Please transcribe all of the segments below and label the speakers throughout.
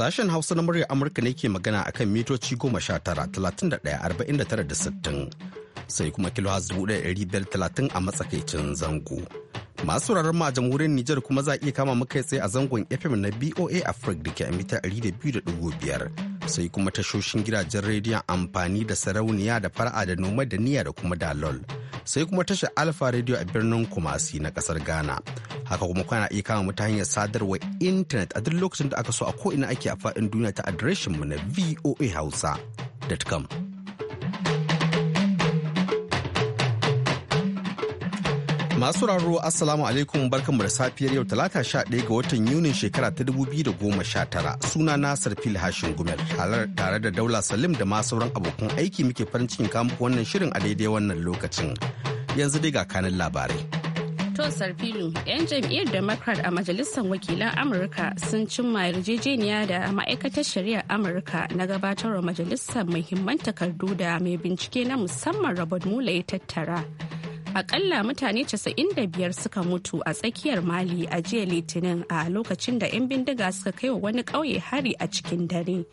Speaker 1: Sashen Hausa na muryar Amurka ne ke magana akan mitoci goma sha tara, talatin da ɗaya, arba'in da tara da sittin. Sai kuma kilo dubu ɗaya ɗari biyar talatin a matsakaicin zango. Masu sauraron ma a jamhuriyar Nijar kuma za a iya kama muka tsaye a zangon FM na BOA Africa da ke a mita ɗari da biyu da ɗigo biyar. sai kuma tashoshin gidajen rediyon amfani da sarauniya da fara'a da noma da niyya da kuma dalol sai kuma tashar alfa rediyo a birnin kumasi na kasar ghana haka kuma kana iya kama mu ta hanyar sadarwar intanet a duk lokacin da aka so a ko'ina ake a faɗin duniya ta adireshin mu na voa hausa.com Masu raro Assalamu alaikum barkanmu da safiyar yau talata sha ɗaya ga watan Yunin shekara ta dubu biyu da goma sha tara suna na Sarfil Hashin Gumel tare da Daula Salim da masu sauran abokan aiki muke farin cikin kamuku wannan shirin a daidai wannan lokacin. Yanzu dai ga kanin labarai.
Speaker 2: To Sarfilu, 'yan jam'iyyar Democrat a Majalisar Wakilan Amurka sun cimma yarjejeniya da ma'aikatar shari'ar Amurka na gabatarwa majalisar muhimman takardu da mai bincike na musamman Robert Mueller ya tattara. akalla mutane 95 suka mutu a tsakiyar mali a jiya litinin a lokacin da 'yan bindiga suka kai wa wani ƙauye hari a cikin dare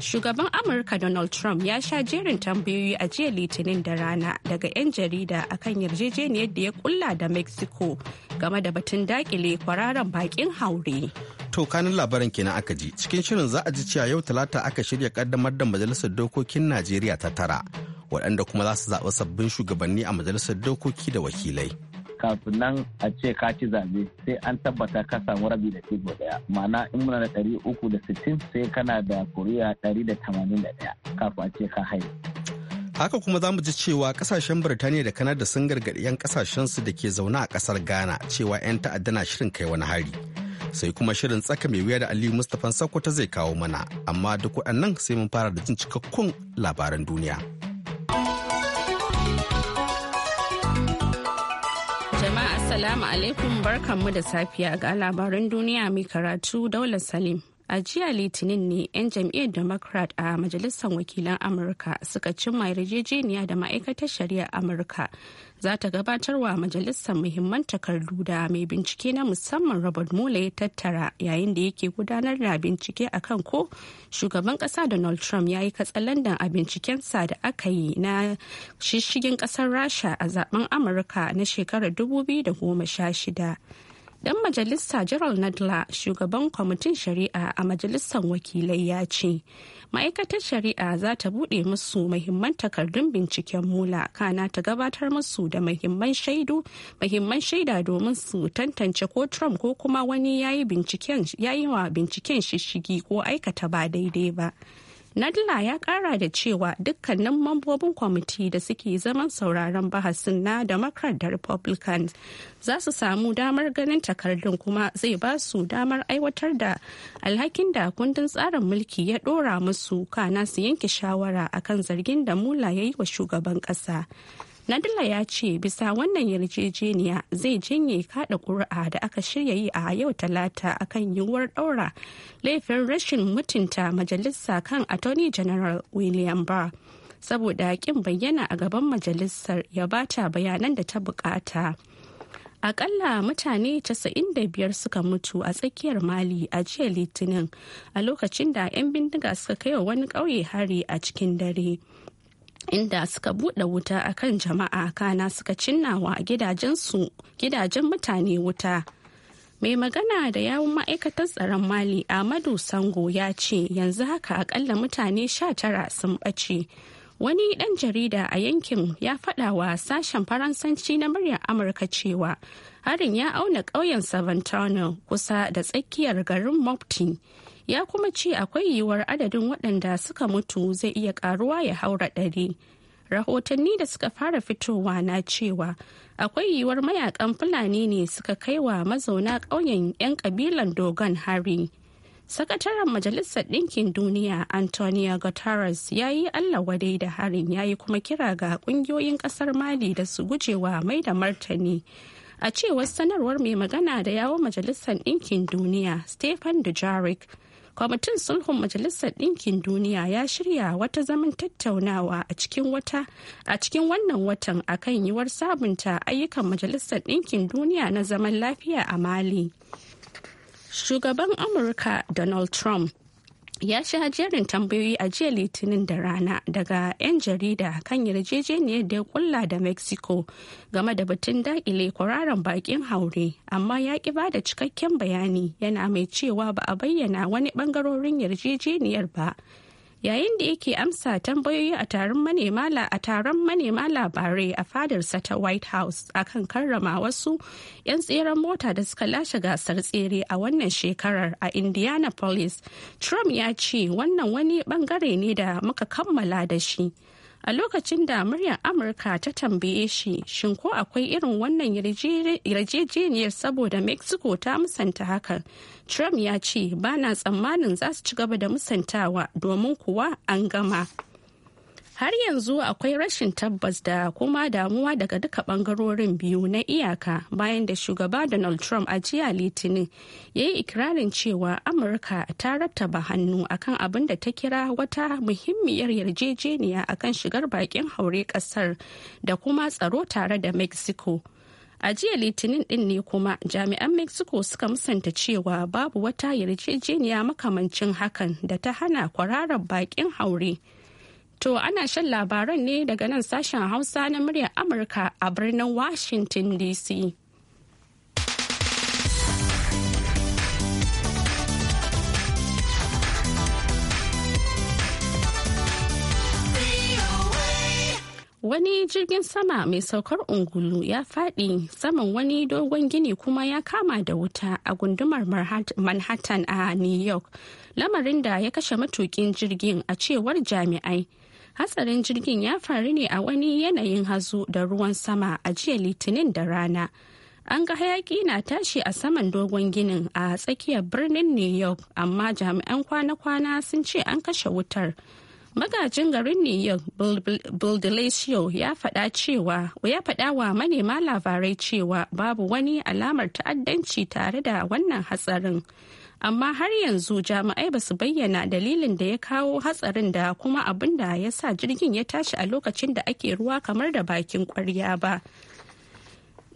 Speaker 2: shugaban amurka donald trump ya sha jerin tambayoyi a jiya litinin da rana daga 'yan jarida akan yarjejeniyar da ya kulla da mexico game da batun dakile kwararan bakin haure
Speaker 1: To kanin labaran kenan aka ji cikin shirin za a ji cewa yau talata aka shirya kaddamar da majalisar dokokin Najeriya ta tara waɗanda kuma za su zaɓi sabbin shugabanni a majalisar dokoki da wakilai. kafin nan
Speaker 3: a ce ka ci zabe sai an tabbata ka samu rabi da tigo daya ma'ana in muna da ɗari uku da sittin sai kana da kuriya ɗari da tamanin da ɗaya kafin a ce ka haihu.
Speaker 1: haka kuma za mu ji cewa kasashen birtaniya da kanada sun gargaɗi 'yan kasashensu da ke zaune a kasar ghana cewa 'yan ta'adda na shirin kai wani hari sai kuma shirin tsaka mai wuya da aliyu mustapha sakwata zai kawo mana amma duk waɗannan sai mun fara da jin cikakkun labaran duniya
Speaker 2: jama'a assalamu alaikum barkanmu da safiya ga labaran duniya mai karatu daular salim a jiya litinin ne 'yan jam'iyyar democrat a majalisar wakilan amurka suka cimma yarjejeniya da ma'aikatar shari'a amurka za ta gabatar wa majalisar muhimman takardu da mai bincike na musamman robert mueller ya tattara yayin da yake gudanar da bincike a kan ko shugaban kasa donald trump ya yi katsalandan a bincikensa da aka yi na shishigin kasar rasha a zaben amurka na shekarar 2016 yan majalisa Gerald Nadler shugaban kwamitin shari'a a majalisar wakilai ya ce, ma'aikatar shari'a za ta bude musu mahimman takardun binciken mula kana ta gabatar musu da mahimman shaidu mahimman shaida domin su tantance ko Trump ko kuma wani yayi yi wa binciken shishigi ko aikata ba daidai ba. nadla ya kara da cewa dukkanin mambobin kwamiti da suke zaman sauraron bahasin na democrat da republicans za su samu damar ganin takardun kuma zai ba su damar aiwatar da alhakin da kundin tsarin mulki ya dora musu kana su yanke shawara akan zargin da mula ya yi wa shugaban kasa Nadala ya ce bisa wannan yarjejeniya zai janye kada ƙuri'a da aka shirya yi a yau talata akan yiwuwar daura laifin rashin mutunta majalisa kan Attorney General William Barr saboda kin bayyana a gaban majalisar ya bata bayanan da ta bukata. akalla mutane 95 suka mutu a tsakiyar mali a jiya litinin a lokacin da 'yan bindiga suka kai wa wani ƙauye hari a cikin dare inda suka buɗe wuta a kan jama'a kana suka cinnawa gidajensu gidajen mutane wuta mai magana da yawun ma'aikatar tsaron mali amadu sango ya ce yanzu haka akalla mutane sha tara sun ɓace wani ɗan jarida a yankin ya faɗa wa sashen faransanci na muryar amurka cewa harin ya auna ƙauyen savantano kusa da tsakiyar garin mopti ya kuma ce akwai yiwuwar adadin waɗanda suka mutu zai iya karuwa ya haura ɗari. Rahotanni da suka fara fitowa na cewa akwai yiwuwar mayakan Fulani ne suka kai wa mazauna ƙauyen 'yan ƙabilan Dogon hari. Sakataren Majalisar Ɗinkin Duniya Antonio Guterres ya yi Allah wadai da harin ya yi kuma kira ga ƙungiyoyin ƙasar Mali da su gujewa mai da martani. A cewar sanarwar mai magana da yawon Majalisar Ɗinkin Duniya stephen Dujarric kwamitin sulhun majalisar ɗinkin duniya ya shirya wata zaman tattaunawa a cikin wata a cikin wannan watan akan yiwuwar sabunta ayyukan majalisar ɗinkin duniya na zaman lafiya a mali shugaban amurka donald trump ya sha jerin tambayoyi a jiya litinin da rana daga 'yan jarida kan yarjejeniyar da ya kulla da mexico game da batun dakile kwararan bakin haure amma ya ki ba da cikakken bayani yana mai cewa ba a bayyana wani bangarorin yarjejeniyar ba yayin da yake amsa tambayoyi a taron manema labarai a fadarsa ta white house akan karrama wasu 'yan tseren mota da suka lashe gasar tsere a wannan shekarar a indianapolis trump ya ce wannan wani bangare ne da muka kammala da shi a lokacin da muryar amurka ta tambaye shi shin ko akwai irin wannan yarjejeniyar saboda mexico ta musanta hakan trump ya ce ba na tsammanin za su ci gaba da musantawa domin kuwa an gama har yanzu akwai rashin tabbas da kuma damuwa daga duka bangarorin biyu na iyaka bayan da shugaba donald trump a jiya litinin ya yi ikirarin cewa amurka ta rattaba hannu akan abin da ta kira wata muhimmiyar yarjejeniya akan shigar bakin haure kasar da kuma tsaro tare da mexico a jiya litinin din ne kuma jami'an mexico suka musanta cewa babu wata yarjejeniya makamancin hakan da ta hana kwararar bakin haure To ana shan labaran ne daga nan sashen Hausa na muryar Amurka a birnin Washington DC. wani jirgin sama mai saukar ungulu ya faɗi saman wani dogon gini kuma ya kama da wuta a gundumar manhattan a new york lamarin da ya kashe matukin jirgin a cewar jami'ai hatsarin jirgin ya faru ne a wani yanayin hazo da ruwan sama a jiya litinin da rana an ga hayaki na tashi a saman dogon ginin a tsakiyar birnin new york amma jami'an kwana-kwana sun ce an kashe wutar magajin garin new york bill ya ya faɗa wa manema labarai cewa babu wani alamar ta'addanci tare da wannan hatsarin amma har yanzu jami'ai ba su bayyana dalilin da ya kawo hatsarin da kuma abin da ya sa jirgin ya tashi a lokacin da ake ruwa kamar da bakin kwarya ba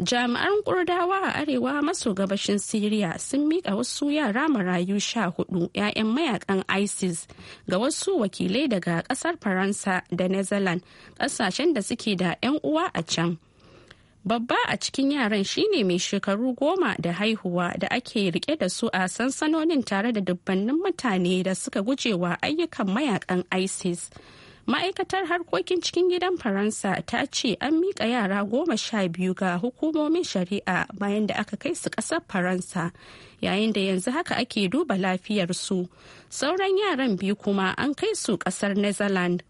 Speaker 2: jami'an kurdawa a arewa maso gabashin syria sun miƙa wasu yara marayu sha hudu 'ya'yan mayakan isis ga wasu wakilai daga ƙasar faransa da netherlands ƙasashen da suke da 'yan uwa a can babba a cikin yaran shine mai shekaru goma da haihuwa da ake rike da su a sansanonin tare da dubbannin mutane da suka gujewa ayyukan mayakan isis ma'aikatar harkokin cikin gidan faransa ta ce an miƙa yara goma sha biyu ga hukumomin shari'a bayan da aka kai su ƙasar faransa yayin da yanzu haka ake duba lafiyarsu sauran yaran biyu kuma an kai su ƙasar netherlands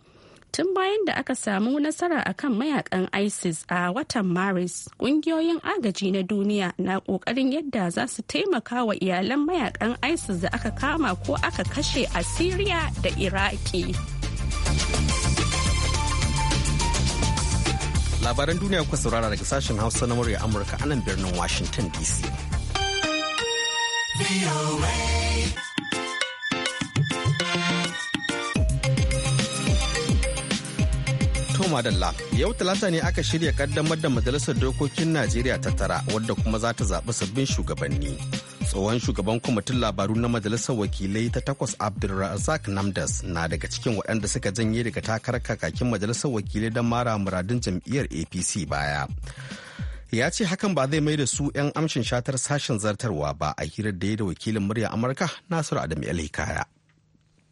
Speaker 2: tun bayan da aka samu nasara akan mayakan isis a watan maris kungiyoyin agaji na duniya na kokarin yadda za su taimaka wa iyalan mayakan isis da aka kama ko aka kashe a syria da iraki
Speaker 1: labaran duniya kuka saurara daga sashen hausa na murya amurka anan birnin washington dc madalla yau talata ne aka shirya kaddamar da majalisar dokokin najeriya ta tara wadda kuma za ta zaɓi sabbin shugabanni tsohon shugaban kwamitin labaru na majalisar wakilai ta takwas abdulrazak namdas na daga cikin waɗanda suka janye daga takarar kakakin majalisar wakilai don mara muradun jam'iyyar apc baya ya ce hakan ba zai mai da su 'yan amshin shatar sashen zartarwa ba a hirar da ya da wakilin murya amurka nasiru adam hikaya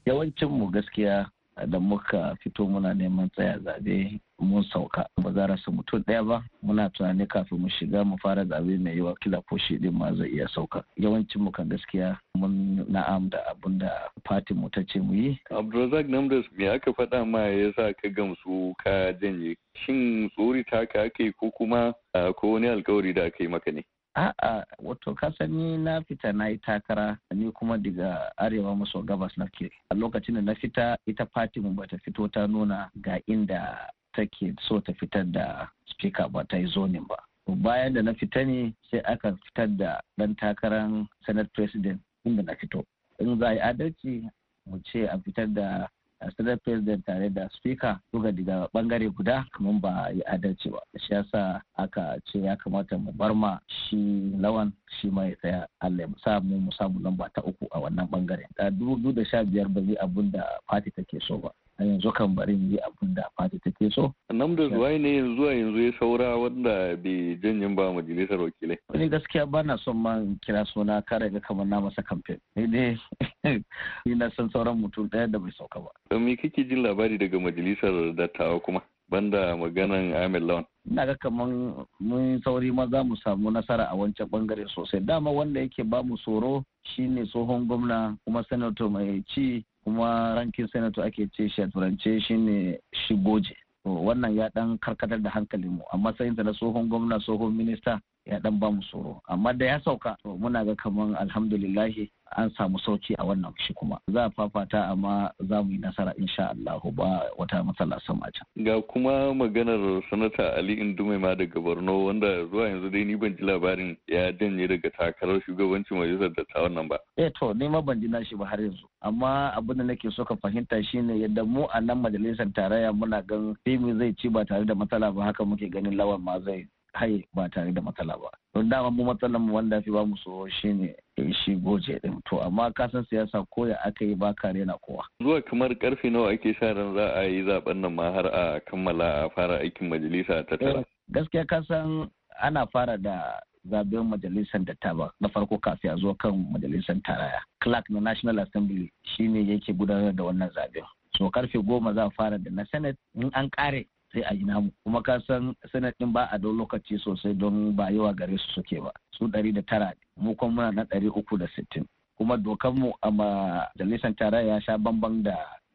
Speaker 3: yawancin mu gaskiya da muka fito muna neman tsaya zabe mun sauka ba za rasa mutum ɗaya ba muna tunani kafin mu shiga mu fara zabe mai yiwa kila ko shi din ma zai iya sauka yawancin mu kan gaskiya mun na'am da abin da fatin mu ta ce mu yi
Speaker 4: abdulrazak namdas me aka faɗa ma ya sa ka gamsu ka janye shin tsori ta ka aka ko kuma ko wani alkawari da aka yi maka ne
Speaker 3: A'a, wato ka sani na fita na yi takara ni kuma daga arewa maso gabas na ke. A lokacin da na fita ita fati ba bata fito ta nuna ga inda take so ta fitar da speaker ba ta yi zonin ba. Bayan da na fita ne sai aka fitar da ɗan takarar Senate President inda na fito. In za a yi adalci mu ce a fitar da senate president tare da speaker duka daga bangare guda kamar ba yi adalci ba shi yasa aka ce ya kamata mu bar ma shi lawan shi ya tsaya Allah ya sa mu mu samu lamba ta uku a wannan bangare da dubu da sha biyar ba zai abun da party take so ba a yanzu kan bari mu yi abun da ta take so.
Speaker 4: nan da zuwa ne yanzu a yanzu ya saura wanda bai janyin ba majalisar wakilai. Wani
Speaker 3: gaskiya ba na son ma kira suna kare ga kamar na masa kamfen. Ni dai ni na san sauran mutum ɗaya da bai sauka
Speaker 4: ba. Me kake jin labari daga majalisar dattawa kuma? Banda maganan Ahmed Lawan.
Speaker 3: Ina ga kaman mun sauri ma za mu samu nasara a wancan bangare sosai. Dama wanda yake ba mu tsoro shine tsohon gwamna kuma sanato mai ci kuma rankin sanato ake ce shi a turance shine shigoje. wannan ya dan karkatar da hankalin mu a matsayinsa na tsohon gwamna tsohon minista ya dan ba mu tsoro amma da ya sauka to muna ga kaman alhamdulillahi an samu sauki a wannan shi kuma za a fafata amma za mu yi nasara insha Allah ba wata matsala sama can.
Speaker 4: Ga kuma maganar sanata Ali Indume ma daga Borno wanda zuwa yanzu dai ni ban ji labarin ya danye daga takarar shugabancin majalisar dattawan wannan ba.
Speaker 3: Eh to ni ma ban ji nashi ba har yanzu amma abin da nake so ka fahimta shine yadda mu a nan majalisar tarayya muna gan fimi zai ci ba tare da matsala ba haka muke ganin lawan ma zai hai ba tare da matsala ba don dama mu matsalan mu wanda fi ba mu so shine shi goje din to amma ka san siyasa ko ya aka yi ba kare na kowa
Speaker 4: zuwa kamar karfe nawa ake sa ran za a yi zaben nan ma har a kammala a fara aikin majalisa ta tara eh, gaskiya ka san ana fara da
Speaker 3: zaben majalisar dattawa na farko kafin a zuwa kan majalisar taraya clark na national assembly shine yake gudanar da wannan zaben so karfe goma za a fara da na senate in an kare sai a yi namu kuma ka san sanat din ba a don lokaci sosai don ba yawa gare su suke ba su ɗari da tara mu kuma muna na ɗari uku da sittin kuma dokar mu a majalisar tarayya ya sha bambam da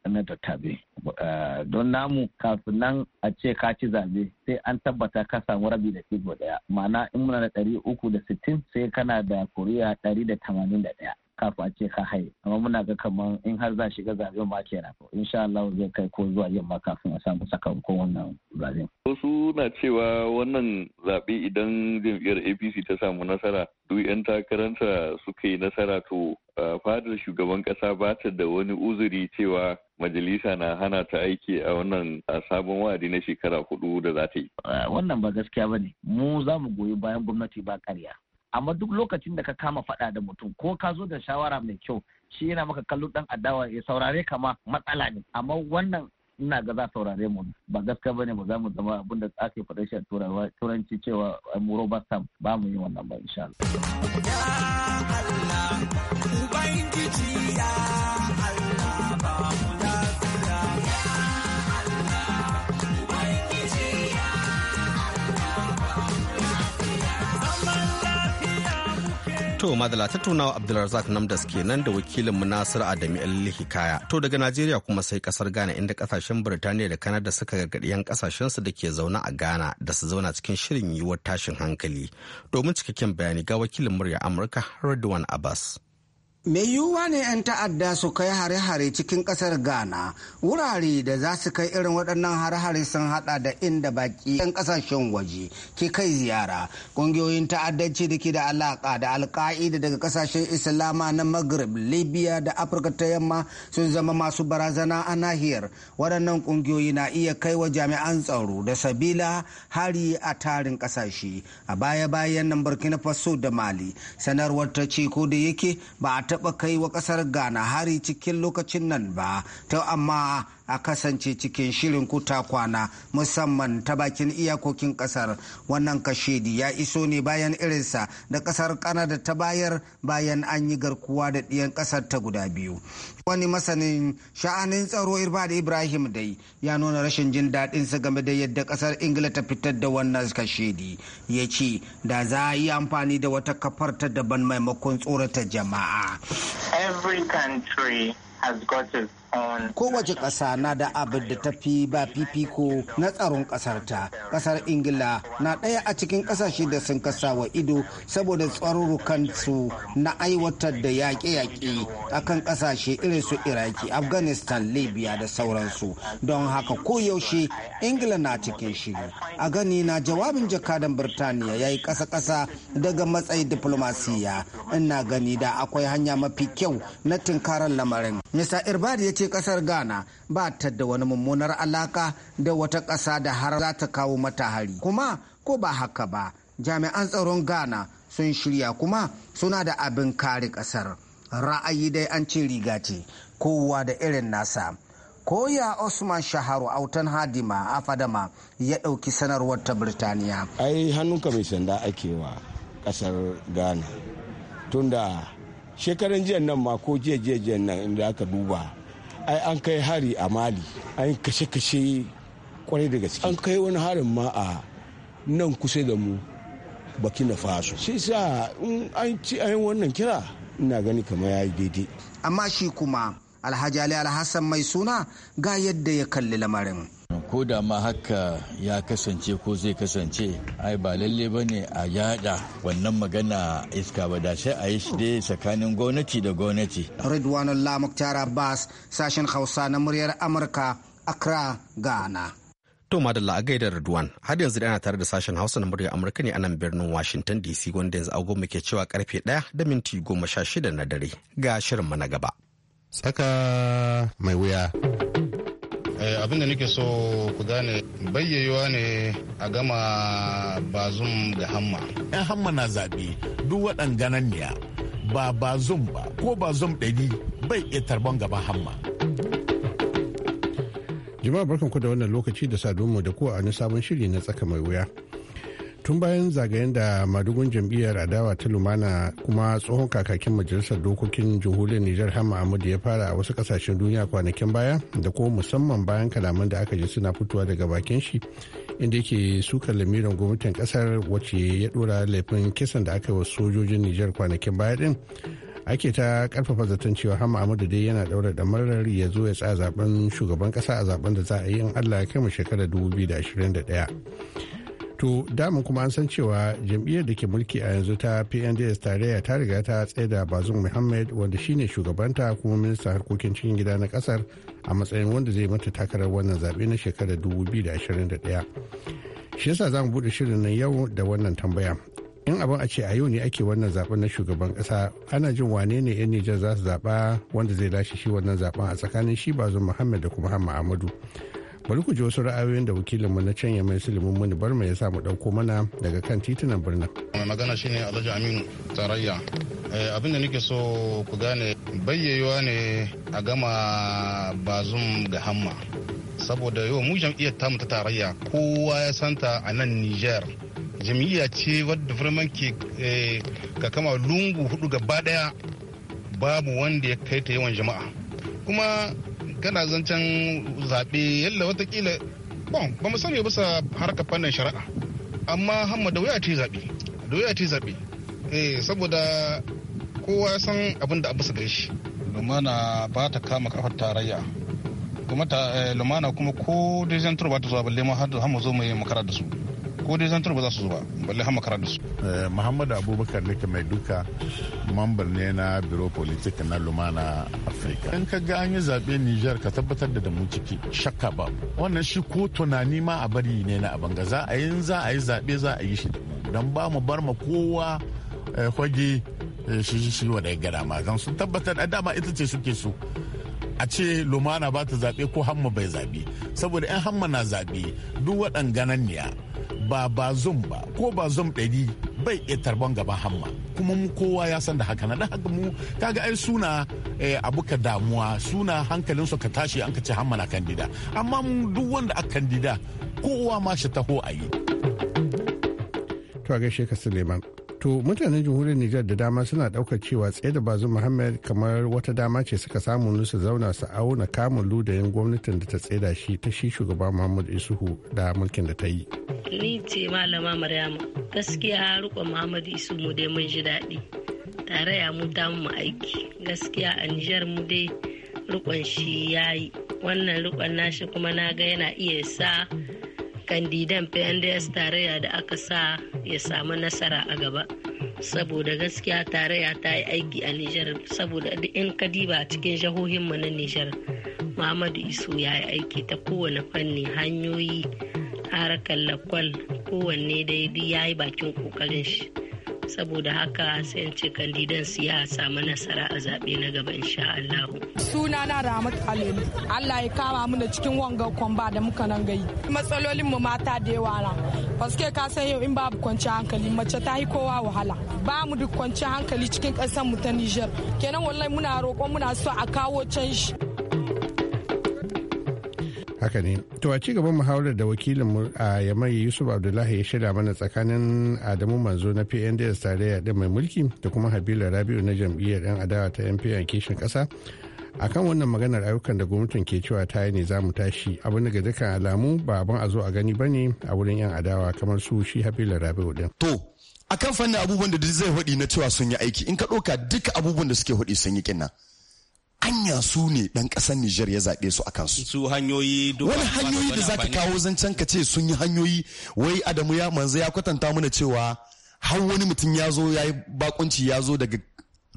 Speaker 3: na dattabe eh, don namu kafin nan a ce ka ci zabe sai an tabbata ka samu rabi da figo daya ma'ana in muna da ɗari uku da sittin sai kana da kuriya ɗari da tamanin da ɗaya kafin a ce ka haye amma muna ga kamar in har za shiga zaben ma kenan insha Allah zai kai ko zuwa yamma kafin a samu sakamakon wannan zaben
Speaker 4: wasu na cewa wannan zabe idan jam'iyyar APC ta samu nasara duk 'yan takaranta suka yi nasara to fadar shugaban kasa ba ta da wani uzuri cewa majalisa na hana ta aiki a wannan sabon wa'adi na shekara hudu da za ta yi. Wannan
Speaker 3: ba gaskiya ba ne. Mu za mu goyi bayan gwamnati ba karya. amma duk lokacin da ka kama faɗa da mutum ko ka zo da shawara mai kyau shi yana maka kallo dan adawa ya saurare ka ma matsala ne amma wannan ina ga za saurare mu ba gaskiya bane ba za mu zama abin da ake faɗa shi a turanci cewa mu robert sam ba mu yi wannan ba insha Allah.
Speaker 1: To madala tattaunawa Abdulrazak Namdas kenan da wakilin mu Nasir Adami Hikaya. To daga Najeriya kuma sai kasar Ghana inda kasashen Birtaniya da Kanada suka gargaɗi 'yan kasashen su da ke zaune a Ghana da su zauna cikin shirin yiwuwar tashin hankali. Domin cikakken bayani ga wakilin murya Amurka Radwan Abbas.
Speaker 5: Mai yiwuwa ne 'yan ta'adda su kai hare-hare cikin kasar Ghana wurare da za su kai irin waɗannan hare-hare sun hada da inda baki 'yan kasashen waje ke kai ziyara. Ƙungiyoyin ta'addanci da ke da alaƙa da alka'ida daga kasashen Islama na Maghrib, Libya da Afirka ta yamma sun zama masu barazana a nahiyar. Waɗannan ƙungiyoyi na iya kai wa jami'an tsaro da sabila hari a tarin ƙasashe. A baya-bayan nan Burkina Faso da Mali sanarwar ta ce ko da yake ba a taɓa kai wa ƙasar Ghana hari cikin lokacin nan ba, ta amma a kasance cikin shirin kuta kwana musamman ta bakin iyakokin kasar wannan kashedi ya iso ne bayan irinsa da kasar kanada ta bayar bayan an yi garkuwa da ɗiyan kasar ta guda biyu wani masanin sha'anin tsaro irbad ibrahim dai ya nuna rashin jin daɗinsa game da yadda kasar ingila ta fitar da wannan kashedi ya ce da za a yi amfani da wata kafar ta daban maimakon tsorata jama'a every country has got Kowace ƙasa na da abin da tafi ba fifiko na tsaron ƙasar ta. Ƙasar Ingila na ɗaya a cikin ƙasashe da sun kasa wa ido saboda su na aiwatar da yaƙe-yaƙe a kan ƙasashe irin su Iraki, Afghanistan, Libya da sauransu. Don haka koyaushe Ingila na cikin shiri. A gani na jawabin jakadan Birtaniya ya yi ƙasa-ƙasa daga matsayin diplomasiya. Ina gani da akwai hanya mafi kyau na tunkarar lamarin. Mr. Irbad ya ce ce kasar ghana ba ta da wani mummunar alaka da wata ƙasa da har za ta kawo mata hari kuma ko ba haka ba jami'an tsaron ghana sun shirya kuma suna da abin kare ƙasar ra'ayi dai an ce riga ce kowa da irin nasa koya Osman Shaharu autan Hadima a Fadama ya ɗauki sanarwar ta Birtaniya. Ai hannunka mai sanda ake wa ƙasar
Speaker 6: Ghana. Tunda shekaran jiya nan ma ko jiya jiya nan inda aka duba ai an kai hari a mali an kashe-kashe kwarai da gaske an kai wani harin ma a nan kusa da mu baki na faso shi sa
Speaker 5: an ci an wannan kira ina gani kamar ya yi daidai amma shi kuma alhaji ali alhassan mai suna ga yadda ya kalli lamarin
Speaker 1: ko da ma haka ya kasance ko zai kasance ai ba lalle ba ne a yada wannan magana iska ba da sai a yi shi dai tsakanin gwamnati da gwamnati.
Speaker 5: Ridwanullah tara Abbas sashen Hausa na muryar Amurka Accra Ghana.
Speaker 1: To madalla a gaidar Ridwan har yanzu da ana tare da sashen Hausa na muryar Amurka ne a nan birnin Washington DC wanda yanzu agogo muke cewa karfe 1 da minti 16 na dare ga shirin mu na gaba.
Speaker 7: saka mai wuya. Eh, abin da nake so ku gane bayyayewa ne a gama bazum ga hamma yan hamma na zaɓe
Speaker 8: duk waɗan ganan niya ba bazum ba ko bazum ɗari bai iya tarban gaban
Speaker 9: hamma jima'a barkan ku da wannan lokaci da sadonmu da ku a wani sabon shiri na tsaka mai wuya tun bayan zagayen da madugun jam'iyyar adawa ta lumana kuma tsohon kakakin majalisar dokokin jihohin nijar hama amadu ya fara a wasu kasashen duniya kwanakin baya da kuma musamman bayan kalaman da aka ji suna fitowa daga bakin shi inda yake suka lamirin gwamnatin kasar wacce ya dora laifin kisan da aka yi wa sojojin nijar kwanakin baya din ake ta karfafa zaton cewa hama amadu dai yana daura damarar ya zo ya tsaya zaben shugaban kasa a zaben da za a yi in allah ya kama shekarar 2021 to damu kuma an san cewa jam'iyyar da ke mulki a yanzu ta pnds tarayya ta riga ta da bazum muhammad wanda shine shugabanta kuma minista harkokin cikin gida na kasar a matsayin wanda zai mata takarar wannan zaɓe na shekarar 2021 shi yasa za mu buɗe shirin nan yau da wannan tambaya in abin a ce a yau ne ake wannan zaɓen na shugaban ƙasa ana jin wane ne yan nijar za su zaɓa wanda zai lashe shi wannan zaɓen a tsakanin shi bazum muhammad da kuma hamma amadu bari ku ji wasu ra'ayoyin da wakilinmu na can yamai silimin muni barma ya samu ɗauko mana daga kan titunan birnin.
Speaker 7: mai magana shine alhaji aminu tarayya eh, abin da nake so ku gane bayyayewa ne a gama bazum ga hamma saboda yau mu jam'iyyar tamu ta tarayya kowa ya santa a nan niger jam'iyya ce wadda firman ke eh, kakama lungu hudu gaba daya babu wanda ya kai ta yawan jama'a kuma kana zancen zaɓe yalla watakila bon ba mu sani bisa harkar fannin shari'a amma hamma da wuya ce zaɓe da wuya ce zaɓe eh saboda kowa ya san abin da abu su gare shi lumana ba ta kama kafar tarayya kuma eh, lumana kuma ko dai ba ta zuwa balle ma har mu zo mu yi makara da su ko dai zantar ba za su zo ba balle har makara da su eh, muhammad abubakar lika
Speaker 8: mai duka mambar ne na biro politik na lumana afirka in ka ga an yi zaɓe Nijar ka tabbatar da damu ciki shakka ba wannan shi ko tunani ma a bari ne na ga. za a yi za a yi zaɓe za a yi shi don ba mu bar ma kowa eh, kwage eh, shi shi wa gada ma. don sun tabbatar a dama ita ce suke so a ce lumana ba ta zaɓe ko hamma bai zaɓe saboda 'yan hamma na zaɓe duk waɗan gananniya ba ba zum ba ko ba zum ɗari bai iya tarban gaban hamma kuma mu kowa ya san da haka na haka mu kaga ai suna eh, abu ka damuwa suna hankalin su ka tashi an ka ce hamma na kandida amma mu duk wanda a kandida kowa ma
Speaker 9: shi taho a yi. To gaishe ka Suleiman. To mutanen jamhuriyar Nijar da dama suna ɗaukar cewa tsaye da bazu Muhammad kamar wata dama ce suka samu nusa zauna su auna kamun ludayin gwamnatin da ta tseda shi ta shi shugaba Muhammad Isuhu da mulkin da ta yi.
Speaker 2: Ni ce malama Maryama gaskiya rukon Muhammad isuhu mu dai mun ji daɗi tare ya mu damu mu aiki gaskiya a Nijar mu dai rukon shi ya yi wannan rukon nashi kuma na ga yana iya sa kandidan PNDS tarayya da aka sa ya samu nasara a gaba. Saboda gaskiya tarayya ta yi aiki a Nijar saboda duk in kadiba cikin mu na Nijar. Muhammadu Isu ya yi aiki ta kowane fanni hanyoyi harkar lakwal kowanne daidai ya yi bakin kokarin shi. saboda haka sai in ce kandidan su ya samu nasara a zaɓe na gaba insha Allah.
Speaker 5: Suna na Ramat Alemu. Allah ya kama mu da cikin wanga kwamba da muka nan gayi. Matsalolin mu mata da yawa na. Paske ka san yau in babu kwanci hankali mace ta yi kowa wahala. Ba mu duk kwanci hankali cikin ƙasar mu ta Nijar. Kenan wallahi muna roƙon muna so a kawo canji.
Speaker 9: haka ne to a ci gaban muhawarar da wakilin mu a yamai yusuf abdullahi ya shirya mana tsakanin adamu manzo na pnds tare din mai mulki da kuma habila rabiu na jam'iyyar yan adawa ta yan kishin kasa akan wannan maganar ayyukan da gwamnatin ke cewa ta yi ne za mu tashi abin ga dukkan alamu ba abin a zo a gani ba ne a wurin yan adawa kamar su shi habila rabiu din to
Speaker 10: a kan fannin abubuwan da zai hudi na cewa sun yi aiki in ka ɗauka duka abubuwan da suke faɗi sun yi kinna Hanya su ne dan kasar Nijar ya zaɓe su a kansu.
Speaker 6: Su hanyoyi Wani hanyoyi da za ka
Speaker 10: kawo zancen ka ce sun yi hanyoyi wai Adamu ya manzo ya kwatanta mana cewa har wani mutum ya zo ya yi bakunci ya zo daga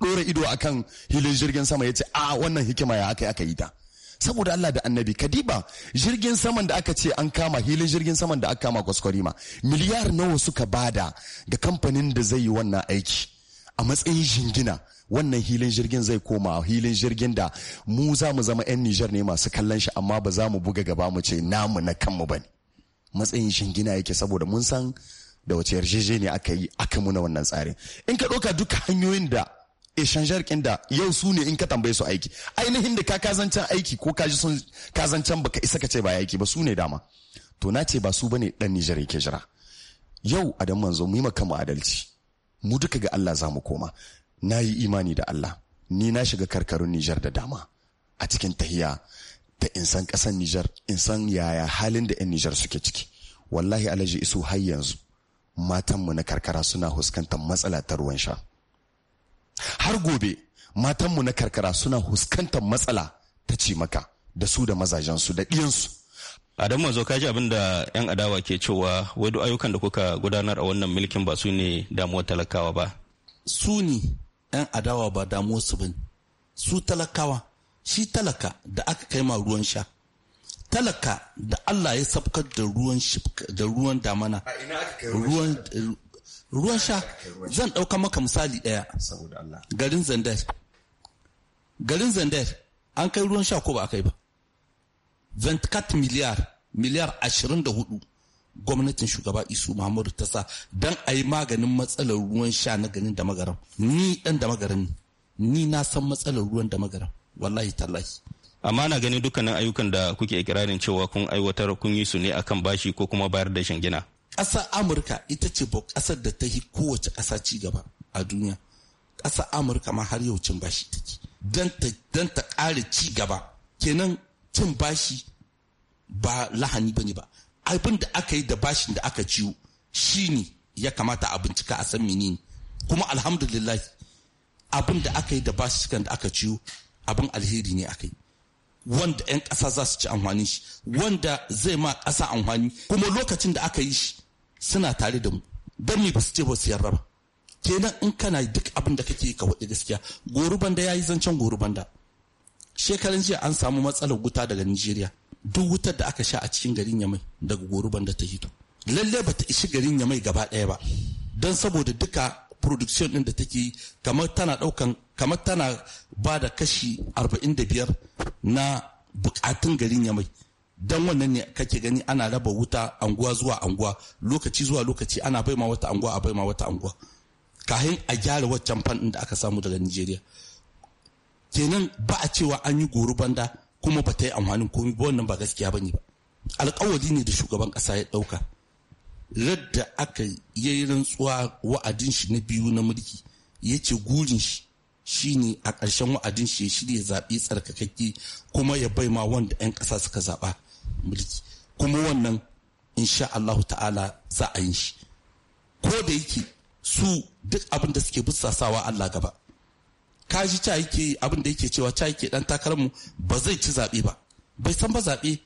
Speaker 10: ɗora ido akan hilin jirgin sama ya ce a wannan hikima ya aka aka yi ta. saboda Allah da annabi kadiba jirgin saman da aka ce an kama hilin jirgin saman da aka kama kwaskwarima miliyar nawa suka bada ga kamfanin da zai yi wannan aiki a matsayin jingina wannan hilin jirgin zai koma hilin jirgin da mu za mu zama 'yan Nijar ne masu kallon shi amma ba za mu buga gaba mu ce namu na kanmu ba ne matsayin shingina yake saboda mun san da wace yarjejeniya aka yi aka muna wannan tsarin in ka ɗauka duka hanyoyin da jirgin da yau su ne in ka tambaye su aiki ainihin da ka kazancan aiki ko ka ji sun kazancan baka isa ka ce ba aiki ba su ne dama to na ce ba su bane ɗan Nijar yake jira yau a dan mu yi maka mu adalci mu duka ga Allah za mu koma na yi imani da Allah ni na shiga karkarun Nijar da dama a cikin tahiya ta insan ƙasar Nijar insan yaya halin da 'yan Nijar suke ciki wallahi alaji isu har yanzu matanmu na karkara suna huskantar matsala ta ruwan sha har gobe matanmu na karkara suna huskantar matsala ta
Speaker 6: maka da su da mazajensu da ɗiyansu Adam Mazo ka ji abin da 'yan adawa ke cewa wai duk ayyukan da kuka gudanar a wannan mulkin ba su ne damuwar talakawa ba.
Speaker 11: Su ne 'yan adawa ba damuwar su ba su talakawa shi talaka da aka kai ma ruwan sha talaka da Allah ya sabkar da ruwan da ruwan damana ruwan ruwan sha zan ɗauka maka misali ɗaya garin zandar garin zandar an kai ruwan sha ko ba a kai ba 24 miliyar miliyar 24 gwamnatin shugaba isu muhammadu ta sa don a yi maganin matsalar ruwan sha na ganin da magaran ni dan da ne ni na san matsalar ruwan da magaram wallahi tallahi
Speaker 6: amma na ganin dukkanin ayyukan da kuke ikirarin cewa kun aiwatar kun yi su ne akan bashi ko kuma bayar da shingina
Speaker 11: ƙasar amurka ita ce ba ƙasar da ta yi kowace ƙasa ci gaba a duniya ƙasar amurka ma har yau cin bashi take don ta ƙara ci gaba kenan cin bashi ba lahani bane ba abin da aka yi da bashin da aka ciwo shi ne ya kamata a bincika a san mini kuma alhamdulillah abin da aka yi da bashin da aka ciwo abin alheri ne aka yi wanda 'yan ƙasa za su ci amfani shi wanda zai ma ƙasa amfani kuma lokacin da aka yi shi suna tare da mu don me ba su ce ba su yarraba ba kenan in kana duk abin da kake yi ka waɗi gaskiya goruban banda ya yi zancen goruban banda shekaran jiya an samu matsalar wuta daga Nigeria duk wutar da aka sha a cikin garin Yamai daga Goruban da ta hito lalle bata ishi garin Yamai gaba ɗaya ba don saboda duka production din da take yi kamar tana daukan kamar tana ba da kashi 45 na bukatun garin Yamai dan wannan ne kake gani ana raba wuta anguwa zuwa anguwa lokaci zuwa lokaci ana baima wata anguwa a baima wata anguwa kahin a gyara waccan fan da aka samu daga Nigeria kenan ba a cewa an yi goro banda kuma ba ta yi amfanin komi ba wannan ba gaskiya ba ne ba alkawari ne da shugaban ƙasa ya ɗauka radda aka yi rantsuwa wa'adin shi na biyu na mulki ya ce gurin shi ne a ƙarshen wa'adin shi ya shirya zaɓe tsarkakakke kuma ya bai ma wanda 'yan ƙasa suka zaɓa mulki kuma wannan insha Allahu ta'ala za a yi shi ko da yake su duk abin da suke busasawa Allah gaba kaji cha yake yi abin da yake cewa cha yake dan takararmu ba zai
Speaker 6: ci zaɓe ba bai san ba zaɓe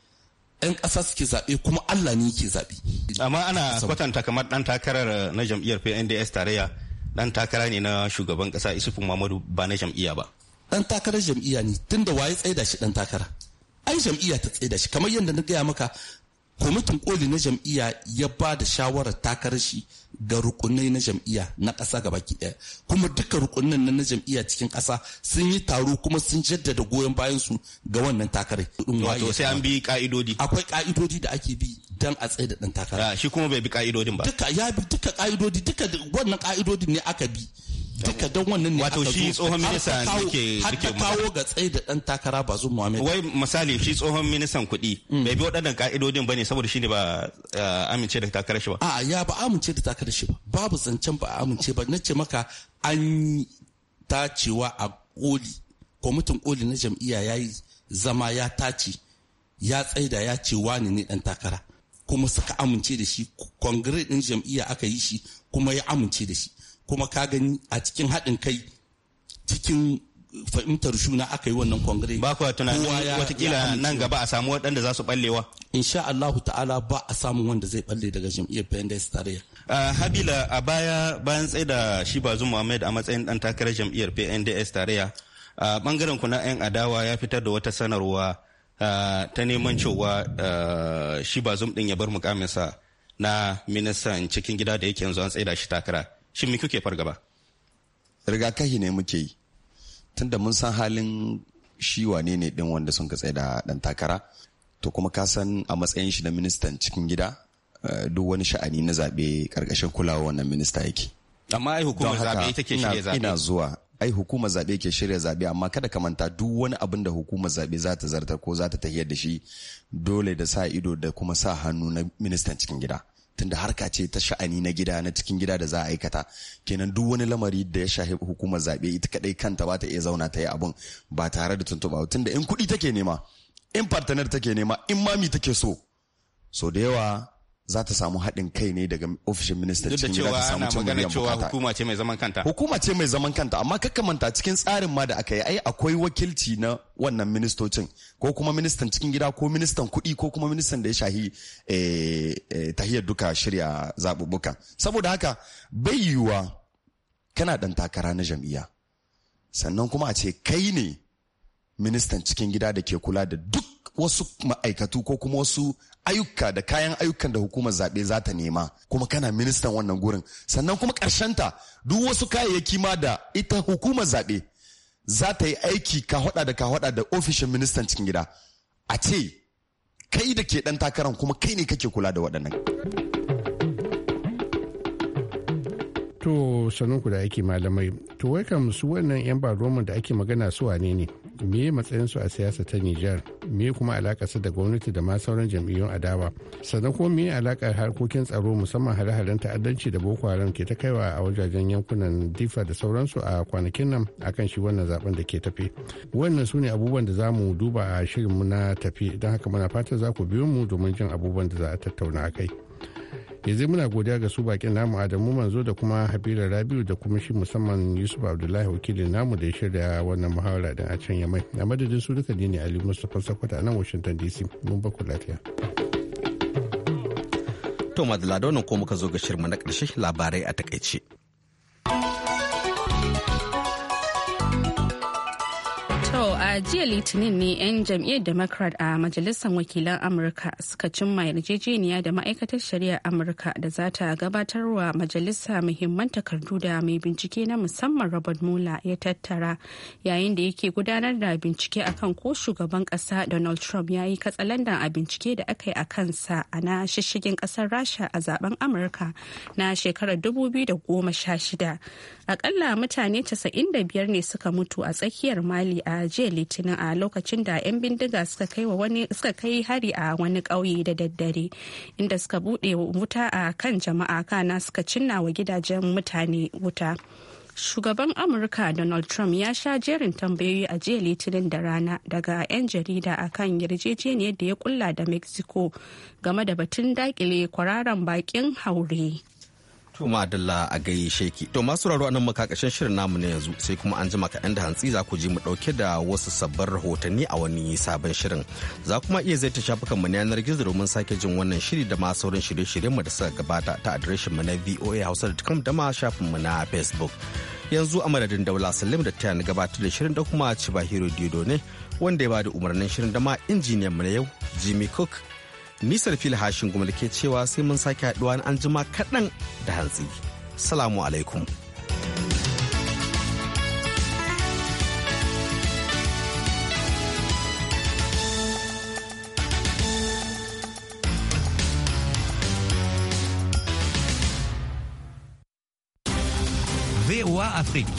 Speaker 6: 'yan ƙasa suke zaɓe kuma Allah ne yake zaɓe. Amma ana kwatanta kamar ɗan takarar eh, na jam'iyyar PNDS tarayya ɗan takara ne na shugaban ƙasa Isufu Muhammadu ba na jam'iyya ba.
Speaker 11: Ɗan takarar jam'iyya ne tun da waye tsaida shi ɗan takara. Ai jam'iyya ta tsaida shi kamar yadda na gaya maka kwamitin koli na jam'iyya ya ba da shawarar takarar shi ga rukunai na jam'iyya na ƙasa gaba ɗaya kuma duka rukunan na jam'iyya cikin ƙasa sun yi taro kuma sun jaddada goyon bayan su ga wannan takarar. wato sai an bi ka'idodi akwai ka'idodi da ake bi dan a tsaye da ɗan takara ah, shi kuma bai bi ka'idodin ba duka ya bi duka ka'idodi duka wannan ka'idodin ne aka bi duka don wannan ne wato shi tsohon minista ke har ta kawo
Speaker 6: ga tsaye da dan takara ba zuwa Muhammad wai misali shi tsohon ministan kuɗi mm. bai bi waɗannan ka'idodin bane saboda shi ne ba eh, amince da takarar shi ba
Speaker 11: a ya ba amince da takarar shi ba babu zancen ba amince ba nace maka an tacewa a koli kwamitin koli na jam'iyya ya yi zama ya tace ya tsaida ya ce wani ne dan takara kuma suka amince da shi kongire din jam'iyya aka yi shi kuma ya amince da shi kuma ka gani a cikin haɗin kai cikin fahimtar shuna aka yi wannan kongire. Ba ku tunanin watakila nan gaba
Speaker 6: a samu waɗanda za su ɓallewa?
Speaker 11: Insha Allah ta'ala ba a samu wanda zai ɓalle
Speaker 6: daga jam'iyyar PNDS tarayya. Habila a baya bayan tsaye da shi bazu Muhammad a matsayin ɗan takarar jam'iyyar PNDS tarayya. Bangaren ku na 'yan adawa ya fitar da wata sanarwa ta neman cewa shi bazum ɗin ya bar mukaminsa na ministan cikin gida da yake yanzu an tsaye da shi takara. shin me kuke fargaba
Speaker 10: rigakafi ne muke yi tunda mun san halin shi wane ne din wanda sun ka tsaye da dan takara to kuma ka san a matsayin shi na ministan cikin gida eh, duk wani sha'ani na zaɓe ƙarƙashin kulawa wannan minista yake amma ai hukumar zaɓe ita ke shirya zaɓe ina zuwa ai hukumar zaɓe ke shirya zaɓe amma kada ka manta duk wani abin da hukumar zaɓe za ta zartar ko za ta tafiyar da shi dole da sa ido da kuma sa hannu na ministan cikin gida tunda harka ce ta sha'ani na gida na cikin gida da za a aikata kenan duk wani lamari da ya shafi hukumar zaɓe ita kadai kanta ba ta iya zauna ta yi abun ba tare da tuntuɓa tunda in kuɗi take nema in partner take nema in mami take so so da yawa za ta samu haɗin kai ne daga ofishin minista cikin gida ta samu cin magana cewa hukuma
Speaker 6: ce mai zaman kanta
Speaker 10: hukuma ce mai zaman kanta amma kakkamanta cikin tsarin ma da aka yi ai akwai wakilci na wannan ministocin ko kuma ministan cikin gida ko ministan kuɗi ko kuma ministan da ya shahi eh, eh, tahiyar duka shirya zaɓuɓɓuka saboda haka bai yiwuwa kana ɗan takara na jam'iyya sannan kuma a ce kai ne ministan cikin gida da ke kula da duk wasu ma'aikatu ko kuma wasu ayyuka da kayan ayyukan da hukumar zaɓe za ta nema kuma kana ministan wannan gurin sannan kuma ta duk wasu kayayyaki ma da ita hukumar zaɓe za ta yi aiki ka hada da ka hada da ofishin ministan cikin gida a ce kai da ke ɗan takaran kuma kai ne kake kula da waɗannan.
Speaker 9: To ku da ake malamai, to wai kam su wannan 'yan baroman da ake magana su wane ne? me matsayinsu a siyasa ta Nijar, me kuma alakarsu da gwamnati da ma sauran jam'iyyun adawa. Sannan kuma me alakar harkokin tsaro musamman hare-haren ta'addanci da Boko Haram ke ta kaiwa a wajajen yankunan Difa da sauransu a kwanakin nan akan shi wannan zaben da ke tafi. Wannan su ne abubuwan da za mu duba a shirin mu na tafi don haka muna fatan za ku biyo mu domin jin abubuwan da za a tattauna a kai. yanzu muna godiya ga su bakin namu adamu manzo da kuma habira rabiu da kuma shi musamman yusuf abdullahi wakili namu da ya shirya wannan muhawara da a can yamai a madadin su duka ne ali mustapha sakwata a nan washington dc mun baku lafiya to
Speaker 1: madalla da wannan ko muka zo ga shirma na karshe labarai a takaice
Speaker 2: jiya litinin ne 'yan jam'iyyar democrat a majalisar wakilan amurka suka cimma yarjejeniya da ma'aikatar shari'a amurka da za ta gabatarwa majalisa muhimman takardu da mai bincike na musamman robert mueller ya tattara yayin da yake gudanar da bincike akan ko shugaban kasa donald trump ya yi katsalandan a bincike da aka yi a kansa a na shishigin kasar rasha a zaben amurka na shekarar shida akalla mutane casa'in da biyar ne suka mutu a tsakiyar mali a jiya litinin a lokacin da 'yan bindiga suka kai hari a wani ƙauye da daddare inda suka buɗe wuta a kan jama'a kana suka cinna wa gidajen mutane wuta. shugaban amurka donald trump ya sha jerin tambayoyi a jiya litinin da rana daga 'yan jarida a kan yarjejeniyar da ya kulla da mexico game da batun daƙile kwararan baƙin haure.
Speaker 1: To madalla a gaishe ki. To masu raro nan makakashin shirin namu na yanzu sai kuma an jima kaɗan da hantsi za ku ji mu ɗauke da wasu sabbin rahotanni a wani sabon shirin. Za kuma iya zai ta shafukan mu na yanar gizo domin sake jin wannan shiri da ma sauran shirye-shiryen mu da suka gabata ta adireshin mu na hausa da ma shafin mu na Facebook. Yanzu a madadin Daula Salim da ta gabatar da shirin da kuma Cibahiro Dido ne wanda ya bada umarnin shirin da ma injiniyan mu na yau Jimmy Cook Nisar fili hashin kuma da ke cewa sai mun sake haɗuwa na anjima kaɗan da hantsi. Salamu alaikum.
Speaker 9: VOA Afrique.